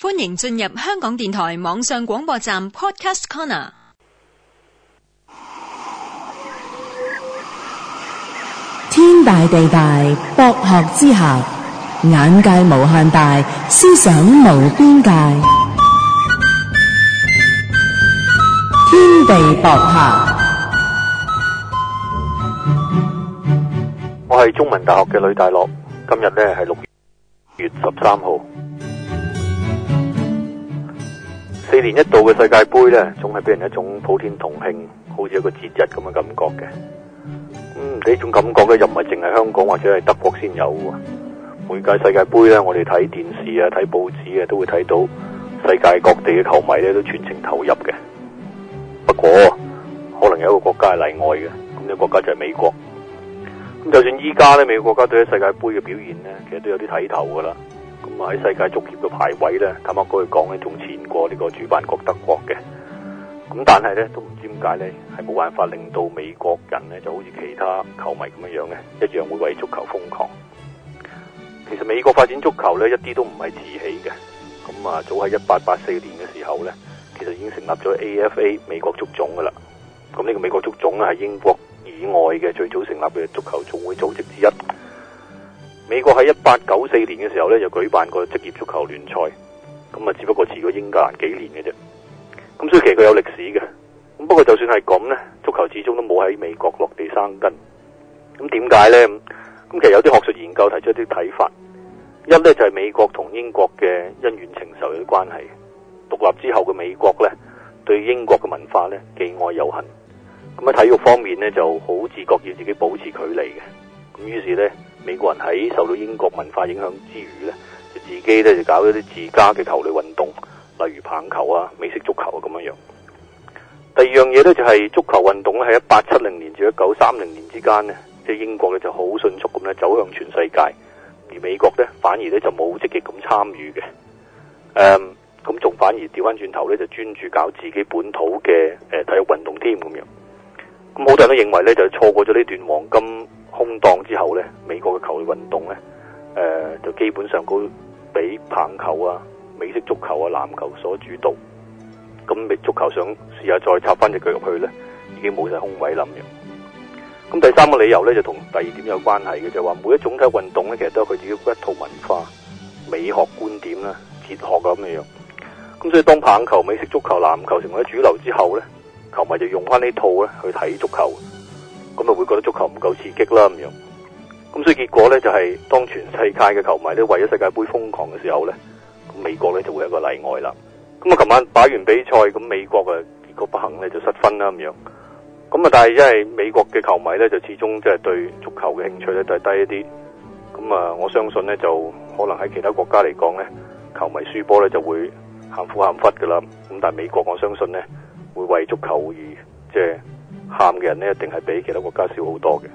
歡迎進入香港電台網上廣播站 Podcast Corner。天大地大，博學之下；眼界無限大，思想無邊界。天地博客，我係中文大學嘅呂大樂。今日呢是6日咧係六月十三號。四年一度嘅世界杯呢，總係俾人一種普天同慶，好似一個節日咁嘅感覺嘅。嗯，呢種感覺呢，又唔係淨係香港或者係德國先有。每屆世界杯呢，我哋睇電視啊、睇報紙啊，都會睇到世界各地嘅球迷呢都全情投入嘅。不過，可能有一個國家係例外嘅，咁呢個國家就係美國。咁就算依家呢，美國國家對喺世界杯嘅表現呢，其實都有啲睇頭噶啦。咁啊喺世界足協嘅排位咧，咁啊過去講咧仲前過呢個主辦國德國嘅。咁但係咧都唔知點解咧，係冇辦法令到美國人咧就好似其他球迷咁樣樣嘅，一樣會為足球瘋狂。其實美國發展足球咧一啲都唔係遲起嘅。咁啊早喺一八八四年嘅時候咧，其實已經成立咗 AFA 美國足總噶啦。咁呢個美國足總呢係英國以外嘅最早成立嘅足球總會組織之一。美國喺一八九四年嘅時候咧，就舉辦過職業足球聯賽，咁啊只不過遲過英格蘭幾年嘅啫。咁所以其實佢有歷史嘅，咁不過就算係咁呢，足球始終都冇喺美國落地生根。咁點解呢？咁其實有啲學術研究提出一啲睇法，一呢，就係美國同英國嘅恩怨情仇有啲關係。獨立之後嘅美國呢，對英國嘅文化呢，既愛又恨。咁喺體育方面呢，就好自覺要自己保持距離嘅。於是呢，美國人喺受到英國文化影響之餘呢，就自己呢，就搞一啲自家嘅球類運動，例如棒球啊、美式足球啊咁樣樣。第二樣嘢呢，就係、是、足球運動呢喺一八七零年至一九三零年之間呢，即係英國呢就好迅速咁咧走向全世界，而美國呢反而呢就冇積極咁參與嘅。誒、嗯，咁仲反而掉翻轉頭呢，就專注搞自己本土嘅誒、呃、體育運動添咁樣。咁好多人都認為呢，就錯過咗呢段黃金空檔之後呢，美國嘅球類運動呢，誒、呃、就基本上都俾棒球啊、美式足球啊、籃球所主導。咁你足球想試下再插翻隻腳入去呢，已經冇晒空位諗嘅。咁第三個理由呢，就同第二點有關係嘅，就話、是、每一種體育運動呢，其實都佢自己一套文化、美學觀點啦、哲學啊咁樣。咁所以當棒球、美式足球、籃球成為咗主流之後呢，球迷就用翻呢套咧去睇足球，咁啊，會覺得足球唔夠刺激啦咁樣，咁所以結果呢，就係、是、當全世界嘅球迷呢，為咗世界盃瘋狂嘅時候呢，咁美國呢就會有一個例外啦。咁啊，琴晚打完比賽，咁美國嘅結果不幸呢，就失分啦咁樣。咁啊，但係因為美國嘅球迷呢，就始終即係對足球嘅興趣呢，都係低一啲。咁啊，我相信呢，就可能喺其他國家嚟講呢，球迷輸波呢就會喊苦喊忽噶啦。咁但係美國我相信呢，會為足球而即係。就是喊嘅人咧，一定係比其他國家少好多嘅。